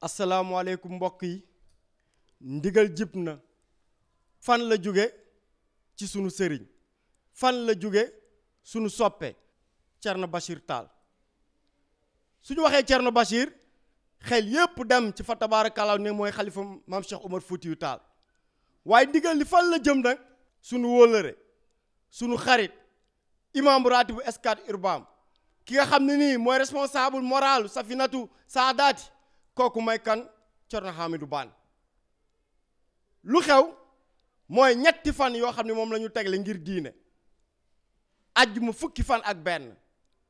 asalaamualeykum mbokk yi ndigal jib na fan la jóge ci sunu sëriñ fan la jóge sunu soppe Thierno Bachir Tall suñu waxee Thierno Bachir xel yépp dem ci fa tabaarakallaa ne mooy xalifa maam Cheikh Omar Foutiyou Tall waaye ndigal li fan la jëm nag sunu wóolëre sunu xarit imam raatibu Scat Urbam ki nga xam ne nii mooy responsable moral safinatu saadaati kooku mooy kan Thierno Hamidou Bane lu xew mooy ñetti fan yoo xam ne moom la tegle ngir diine ajjuma fukki fan ak benn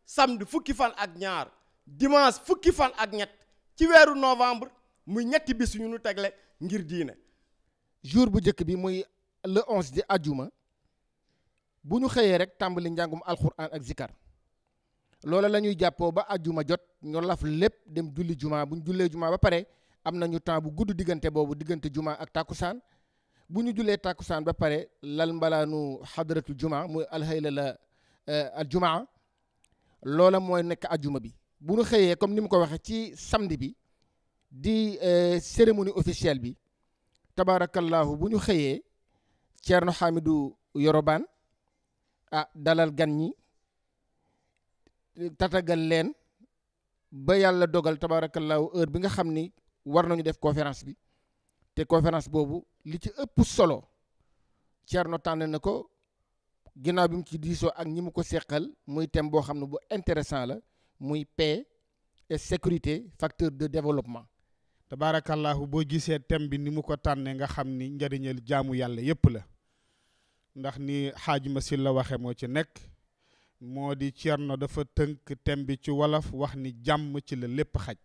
samd fukki fan ak ñaar dimanche fukki fan ak ñett ci weeru novembre muy ñetti bis yu ñu tegle ngir diine jour bu njëkk bi muy le onze di ajjuma bu ñu xëyee rek tàmbali njàngum alxuraan ak zikar loola lañuy jàppoo ba ajjuma jot ñoo laf lépp dem julli juma bu ñu jullee juma ba pare am na ñu temps bu gudd diggante boobu diggante juma ak tàkkusaan bu ñu jullee takkusaan ba pare lal mbalaanu xadratul juma muy alhayla la eh, al jumaa loola mooy nekk ajuma bi bu ñu xëyee comme ni mu ko waxee ci samdi bi di eh, cérémonie officielle bi tabarakallahu bu ñu xëyee Ceerno Hamidou Yorobaan ah dalal gan ñi tatagal leen ba yàlla dogal tabaarakallaahu heure bi nga xam ni war nañu def conférence bi te conférence boobu li ci ëpp solo Thierno tànn na ko ginnaaw bi mu ci diisoo ak ñi mu ko seqal muy thème boo xam ne bu intéressant la muy paix et sécurité facteur de développement. tabaarakallaahu boo gisee thème bi ni mu ko tànnee nga xam ni njëriñal jaamu yàlla yépp la ndax ni xaaj ma si la waxee moo ci nekk. moo di Thierno dafa tënk thème bi ci wolof wax ni jàmm ci la lépp xaj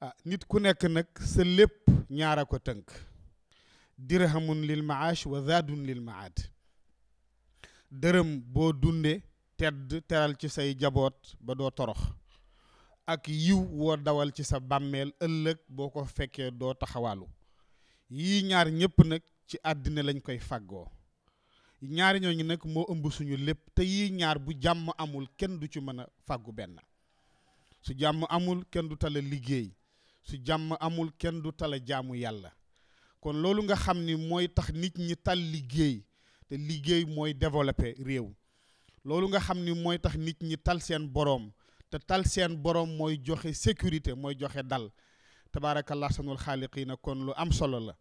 ah, nit ku nekk nag sa lépp ñaara ko tënk dirhamun lil maash wa lil maad dërëm boo dundee tedd teral ci say jaboot ba doo torox ak yiw woo dawal ci sa bàmmeel ëllëg boo ko fekkee doo taxawaalu yi ñaar ñépp nag ci àddina lañ koy fàggoo ñaari ñooñu nekk moo ëmb suñu lépp te yii ñaar bu jàmm amul kenn du ci mën a fàggu benn su jàmm amul kenn du tala liggéey su jàmm amul kenn du tala jaamu yàlla kon loolu nga xam ni mooy tax nit ñi tal liggéey te liggéey mooy développer réew loolu nga xam ni mooy tax nit ñi tal seen boroom te tal seen boroom mooy joxe sécurité mooy joxe dal tabaarakallah sanul xaaliqiina kon lu am solo la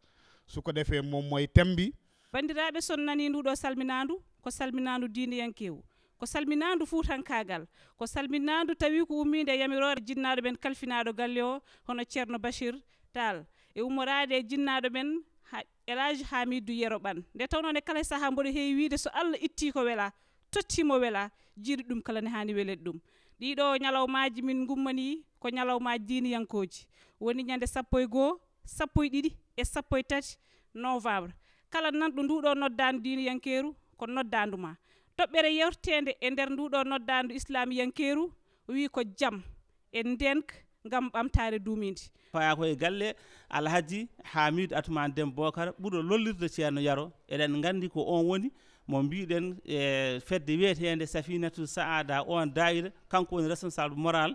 su ko defee moom mooy thème bi bandiraɓe son nani nduɗo salminandu ko salminandu diiniyankewu ko salminandu fuutankagal ko salminandu tawi ko ummide yamirore jinnaɗo men kalfinaɗo galle hono ceerno bachir tall e ummorade e jinnaɗo men elage hamidou yero ɓan nde tawno nde kala e saaha mboɗo heewi so allah itti ko wela tottimo wela jiiɗi ɗum kala ne hani welede ɗum ɗiɗo ñalawmaji min gummani ko ñalawmaji diiniyankoji woni ñande sappo e goho kala nan ɗo nduɗo noddandu diniyankeeru ko noddandu ma toɓɓere yewtede e nder nduɗo noddandu islamiyankeeru wi ko jam e ndenka ngam ɓamtare duumidi faya koye galle alhaji hamidou atumane dem bocara ɓuuro lollirde ceerno yaro eɗen gandi ko on woni mo mbiɗen e fedde wiyetede safinatu saada on dayira kanko woni responsable moral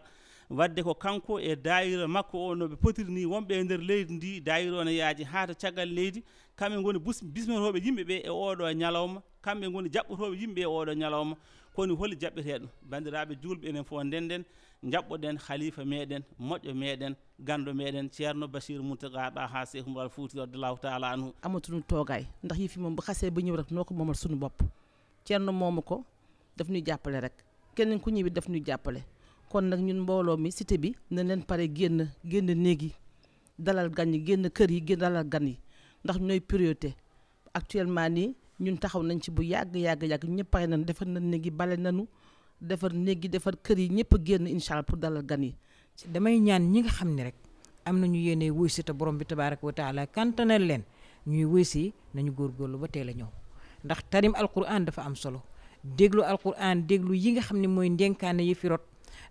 wadde ko kanko e dayira makko o no ɓe potiri ni wonɓe e nder leydi ndi dayira o ne yaaji haa to caggal leydi kamɓe ngoni bismitoɓe yimɓe ɓe e oɗo ñalawma kamɓe ngoni jaɓɓotoɓe yimɓe e oɗo ñalawma koni holi jaɓɓeteɗo bandiraɓe julɓe enen fof ndenden jaɓɓoɗen halifa meɗen moƴƴo meɗen gando meɗen ceerno bachir moutaga ɗa ha cheikh moural fouti radiallahu taala anhu amadou ɗum togay ndax yifima mbo hase ba ñëw rek noo ko moomal sunu bopp ceerno mooma ko daf ñuy jàppale rek keneen ku ñëwi daf ñuy jàppale kon nag ñun mbooloo mi cité bi nañ leen pare génn génn néeg yi dalal gan yi génn kër yi génn dalal gan yi ndax ñooy priorité actuellement nii ñun taxaw nañ ci bu yàgg yàgg yàgg ñëpp pare nañ defar nañ néeg yi bale nañu defar néeg defar kër yi ñëpp génn incha allah pour dalal gan yi. damay ñaan ñi nga xam ne rek am nañu yéene wuy si borom bi tabaaraka wa taala kantanal leen ñuy wuy si nañu lu ba teel a ñëw ndax tarim alquran dafa am solo déglu alquran déglu yi nga xam ne mooy ndénkaane yi fi rot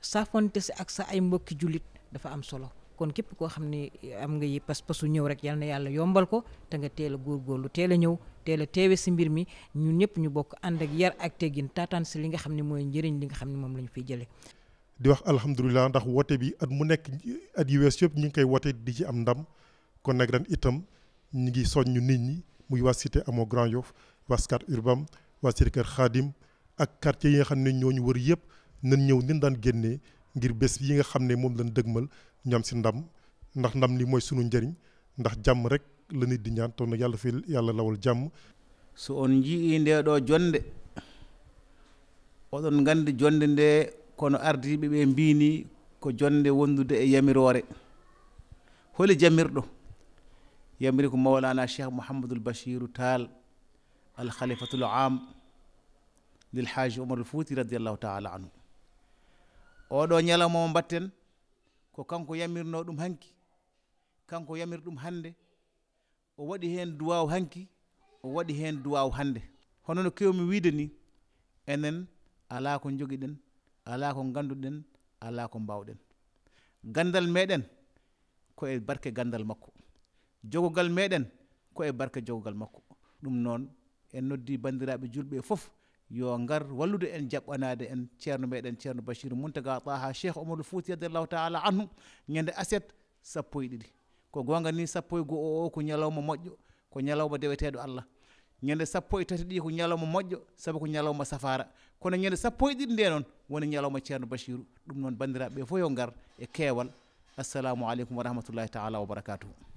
saafonte si ak sa ay mbokki jullit dafa am solo kon képp koo xam ne am nga yi pas-pasu ñëw rek yal na yàlla yombal ko te nga teel a góorgóorlu teel a ñëw teel a teewe si mbir mi ñun ñëpp ñu bokk ànd ak yar ak teggin taataan si li nga xam ni mooy njëriñ li nga xam ne moom lañu ñu fiy di wax alhamdulilah ndax woote bi at mu nekk at yu wees yëpp ñu ngi koy woote di ci am ndam kon nag ren itam ñu ngi soññu nit ñi muy waa cité Hamo Grand Yoff waa Scat Urbam waa cité Kër Xaadim ak quartier yi xam ne ñoo ñu wër yëpp. nan ñëw nin daan génnee ngir bés yi nga xam ne moom lañ dëgmal ñu si ndam ndax ndam li mooy sunu njariñ ndax jàmm rek la nit di ñaan toog nag yàlla fi yàlla lawal jàmm so on jii nde ɗo jonde oɗon gandi jonde nde kono ardiɓe ɓe mbini ko jonde wondude e yamirore holi jamirɗo yamiri ko mawlana cheikh mouhamadoul bachiru taal al khalifatul am lil haji omar al fouti radiallahu taala oɗo ñalawma mbatten ko kanko yamirno ɗum hanki kanko yamir ɗum hannde o waɗi heen duwaw hanki o waɗi heen duwaw hannde hono no kewmi wiide ni enen alaa ko jogiɗen alaa ko ngannduɗen alaa ko gandal meɗen ko e barke gandal makko jogogal meɗen ko e barke jogogal makko ɗum noon en noddi banndiraaɓe julɓe fof yo ngar wallude en jaɓɓanade en ceerno meɗen ceerno bachir muntaga taha cheikh omarou fouti radiallahu taala anhu ñande aset sappo e ɗiɗi ko gonga ni sappo e goo o ko ñalawma moƴƴo ko ñalawma deweteɗo allah ñande sappo e tati ɗi ko ñalawma moƴƴo saabu ko ñalawma safara kono ñande sappo e ɗiɗi nde noon woni ñalawma ceerno bachiru ɗum noon bandiraɓe fof yo ngar e keewal assalamu aleykum wa taala wa